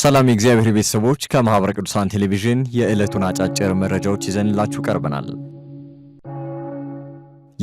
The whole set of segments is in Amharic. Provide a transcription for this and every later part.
ሰላም የእግዚአብሔር ቤተሰቦች ከማኅበረ ቅዱሳን ቴሌቪዥን የዕለቱን አጫጭር መረጃዎች ይዘንላችሁ ቀርበናል።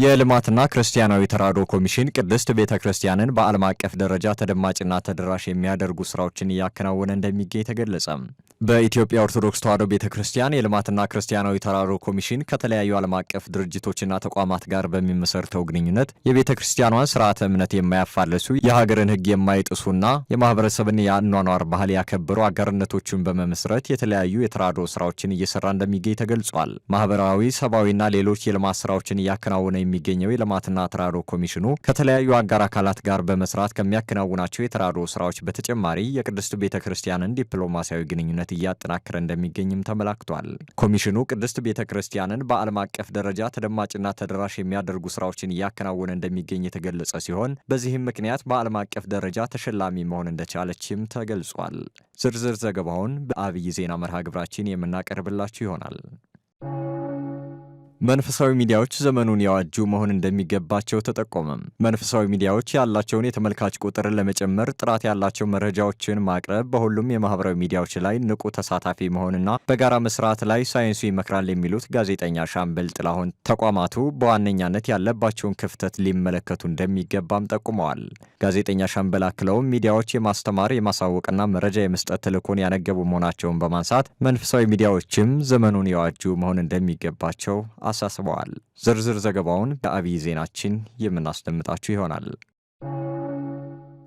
የልማትና ክርስቲያናዊ ተራድኦ ኮሚሽን ቅድስት ቤተ ክርስቲያንን በዓለም አቀፍ ደረጃ ተደማጭና ተደራሽ የሚያደርጉ ስራዎችን እያከናወነ እንደሚገኝ ተገለጸም። በኢትዮጵያ ኦርቶዶክስ ተዋሕዶ ቤተ ክርስቲያን የልማትና ክርስቲያናዊ ተራድኦ ኮሚሽን ከተለያዩ ዓለም አቀፍ ድርጅቶችና ተቋማት ጋር በሚመሰርተው ግንኙነት የቤተ ክርስቲያኗን ስርዓተ እምነት የማያፋለሱ የሀገርን ሕግ የማይጥሱና የማህበረሰብን የአኗኗር ባህል ያከበሩ አጋርነቶችን በመመስረት የተለያዩ የተራድኦ ስራዎችን እየሰራ እንደሚገኝ ተገልጿል። ማህበራዊ፣ ሰብአዊና ሌሎች የልማት ስራዎችን እያከናወነ የሚገኘው የልማትና ተራድኦ ኮሚሽኑ ከተለያዩ አጋር አካላት ጋር በመስራት ከሚያከናውናቸው የተራድኦ ስራዎች በተጨማሪ የቅድስት ቤተ ክርስቲያንን ዲፕሎማሲያዊ ግንኙነት እያጠናከረ እንደሚገኝም ተመላክቷል። ኮሚሽኑ ቅድስት ቤተ ክርስቲያንን በዓለም አቀፍ ደረጃ ተደማጭና ተደራሽ የሚያደርጉ ስራዎችን እያከናወነ እንደሚገኝ የተገለጸ ሲሆን በዚህም ምክንያት በዓለም አቀፍ ደረጃ ተሸላሚ መሆን እንደቻለችም ተገልጿል። ዝርዝር ዘገባውን በአብይ ዜና መርሃ ግብራችን የምናቀርብላችሁ ይሆናል። መንፈሳዊ ሚዲያዎች ዘመኑን የዋጁ መሆን እንደሚገባቸው ተጠቆመም። መንፈሳዊ ሚዲያዎች ያላቸውን የተመልካች ቁጥር ለመጨመር ጥራት ያላቸው መረጃዎችን ማቅረብ፣ በሁሉም የማህበራዊ ሚዲያዎች ላይ ንቁ ተሳታፊ መሆንና በጋራ መስራት ላይ ሳይንሱ ይመክራል የሚሉት ጋዜጠኛ ሻምበል ጥላሁን ተቋማቱ በዋነኛነት ያለባቸውን ክፍተት ሊመለከቱ እንደሚገባም ጠቁመዋል። ጋዜጠኛ ሻምበል አክለውም ሚዲያዎች የማስተማር የማሳወቅና መረጃ የመስጠት ተልዕኮን ያነገቡ መሆናቸውን በማንሳት መንፈሳዊ ሚዲያዎችም ዘመኑን የዋጁ መሆን እንደሚገባቸው አሳስበዋል። ዝርዝር ዘገባውን በአብይ ዜናችን የምናስደምጣችሁ ይሆናል።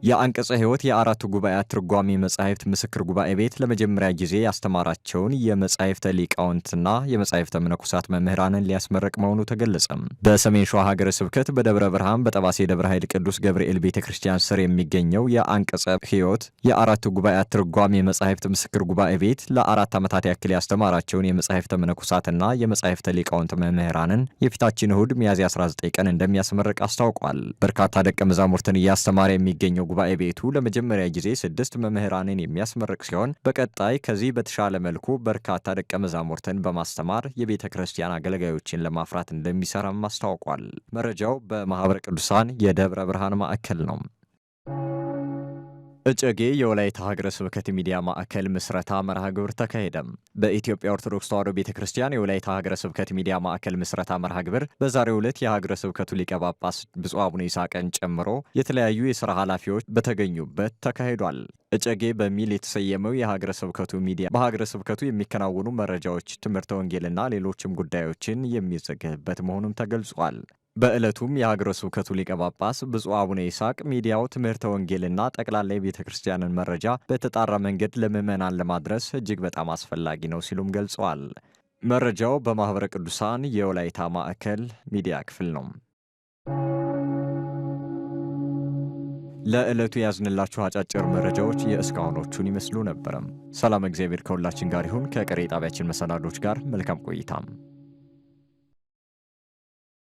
የአንቀጸ ሕይወት የአራቱ ጉባኤያት ትርጓሜ መጻሕፍት ምስክር ጉባኤ ቤት ለመጀመሪያ ጊዜ ያስተማራቸውን የመጻሕፍተ ሊቃውንትና የመጻሕፍተ መነኮሳት መምህራንን ሊያስመረቅ መሆኑ ተገለጸም። በሰሜን ሸዋ ሀገረ ስብከት በደብረ ብርሃን በጠባሴ ደብረ ኃይል ቅዱስ ገብርኤል ቤተ ክርስቲያን ስር የሚገኘው የአንቀጸ ሕይወት የአራቱ ጉባኤያት ትርጓሜ መጻሕፍት ምስክር ጉባኤ ቤት ለአራት ዓመታት ያክል ያስተማራቸውን የመጻሕፍተ መነኮሳትና የመጻሕፍተ ሊቃውንት መምህራንን የፊታችን እሁድ ሚያዝያ 19 ቀን እንደሚያስመርቅ አስታውቋል። በርካታ ደቀ መዛሙርትን እያስተማረ የሚገኘው ጉባኤ ቤቱ ለመጀመሪያ ጊዜ ስድስት መምህራንን የሚያስመርቅ ሲሆን በቀጣይ ከዚህ በተሻለ መልኩ በርካታ ደቀ መዛሙርትን በማስተማር የቤተ ክርስቲያን አገልጋዮችን ለማፍራት እንደሚሰራም አስታውቋል። መረጃው በማኅበረ ቅዱሳን የደብረ ብርሃን ማዕከል ነው። እጨጌ የወላይታ ሀገረ ስብከት ሚዲያ ማዕከል ምስረታ መርሃ ግብር ተካሄደም። በኢትዮጵያ ኦርቶዶክስ ተዋሕዶ ቤተ ክርስቲያን የወላይታ ሀገረ ስብከት ሚዲያ ማዕከል ምስረታ መርሃ ግብር በዛሬው ዕለት የሀገረ ስብከቱ ሊቀ ጳጳስ ብፁዕ አቡነ ይስሐቅን ጨምሮ የተለያዩ የስራ ኃላፊዎች በተገኙበት ተካሂዷል። እጨጌ በሚል የተሰየመው የሀገረ ስብከቱ ሚዲያ በሀገረ ስብከቱ የሚከናወኑ መረጃዎች፣ ትምህርተ ወንጌልና ሌሎችም ጉዳዮችን የሚዘገብበት መሆኑም ተገልጿል። በዕለቱም የሀገረ ስብከቱ ሊቀ ጳጳስ ብፁዕ አቡነ ይስሐቅ ሚዲያው ትምህርተ ወንጌልና ጠቅላላ የቤተ ክርስቲያንን መረጃ በተጣራ መንገድ ለምዕመናን ለማድረስ እጅግ በጣም አስፈላጊ ነው ሲሉም ገልጸዋል። መረጃው በማኅበረ ቅዱሳን የወላይታ ማዕከል ሚዲያ ክፍል ነው። ለዕለቱ ያዝንላችሁ አጫጭር መረጃዎች የእስካሁኖቹን ይመስሉ ነበረም። ሰላም እግዚአብሔር ከሁላችን ጋር ይሁን። ከቀሪ ጣቢያችን መሰናዶች ጋር መልካም ቆይታም